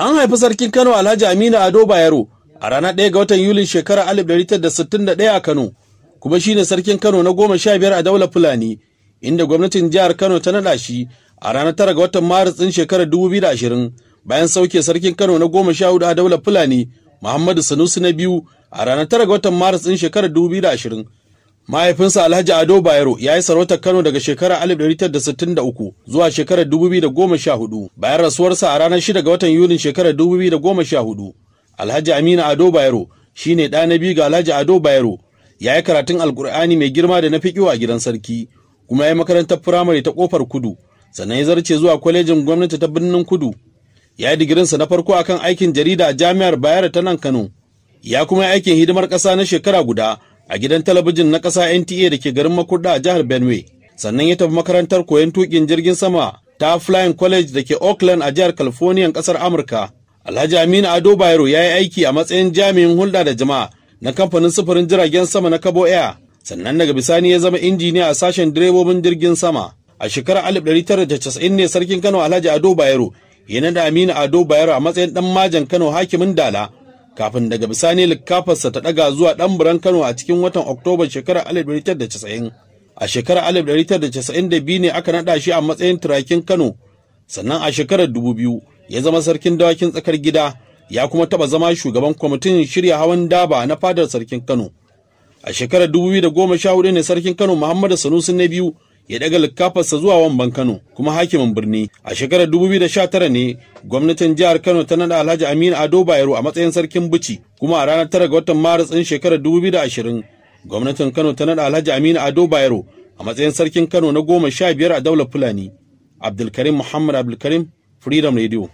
An haifi sarkin Kano Alhaji Aminu Ado Bayero a ranar ɗaya ga watan Yulin shekarar 1961 a Kano, kuma shi ne sarkin Kano na goma sha biyar a daular Fulani, inda gwamnatin jihar Kano ta naɗa shi a ranar tara ga watan Maris ɗin shekarar 2020 bayan sauke sarkin Kano na goma sha hudu a daular Fulani Muhammadu Sanusi na biyu a ranar tara ga watan Maris ɗin shekarar 2020. mahaifinsa alhaji ado bayero ya yi sarautar kano daga shekarar 1963 zuwa shekarar 2014 bayan rasuwarsa a ranar 6 ga watan yunin shekarar 2014 alhaji aminu ado bayero shi ne ɗa na biyu ga alhaji ado bayero ya yi karatun alkur'ani mai girma da na fiƙiwa a gidan sarki kuma ya yi makarantar firamare ta ƙofar kudu sannan ya zarce zuwa kwalejin gwamnati ta birnin kudu ya yi digirinsa na farko akan aikin jarida a jami'ar bayero ta nan kano ya kuma yi aikin hidimar ƙasa na shekara guda a gidan talabijin na ƙasa NTA da ke garin Makurda a jihar Benue. Sannan ya tafi makarantar koyon tukin jirgin sama ta Flying College da ke Oakland a jihar California ƙasar Amurka. Alhaji Aminu Ado Bayero ya yi aiki a matsayin jami'in hulɗa da jama'a na kamfanin sufurin jiragen sama na Cabo Air. Sannan daga bisani ya zama injiniya a sashen direbobin jirgin sama. A shekarar 1990 ne sarkin Kano Alhaji Ado Bayero ya nada Aminu Ado Bayero a matsayin ɗan majan Kano hakimin Dala. kafin daga bisani likafarsa ta ɗaga zuwa ɗan buran Kano a cikin watan Oktoba shekarar 1990. A shekarar 1992 ne aka naɗa shi a matsayin turakin Kano, sannan a shekarar 2000 ya zama sarkin dawakin tsakar gida ya kuma taɓa zama shugaban kwamitin shirya hawan daba na fadar sarkin Kano. A shekarar 2014 ne sarkin Kano Muhammadu Sanusi na biyu ya daga likafarsa zuwa wamban Kano kuma hakimin birni. A shekarar 2019 ne gwamnatin jihar Kano ta nada Alhaji Aminu Ado Bayero a matsayin sarkin Bici kuma a ranar tara ga watan Maris ɗin shekarar 2020 gwamnatin Kano ta nada Alhaji Aminu Ado Bayero a matsayin sarkin Kano na goma sha biyar a daular Fulani. Abdulkarim Muhammad Abdulkarim Freedom Radio.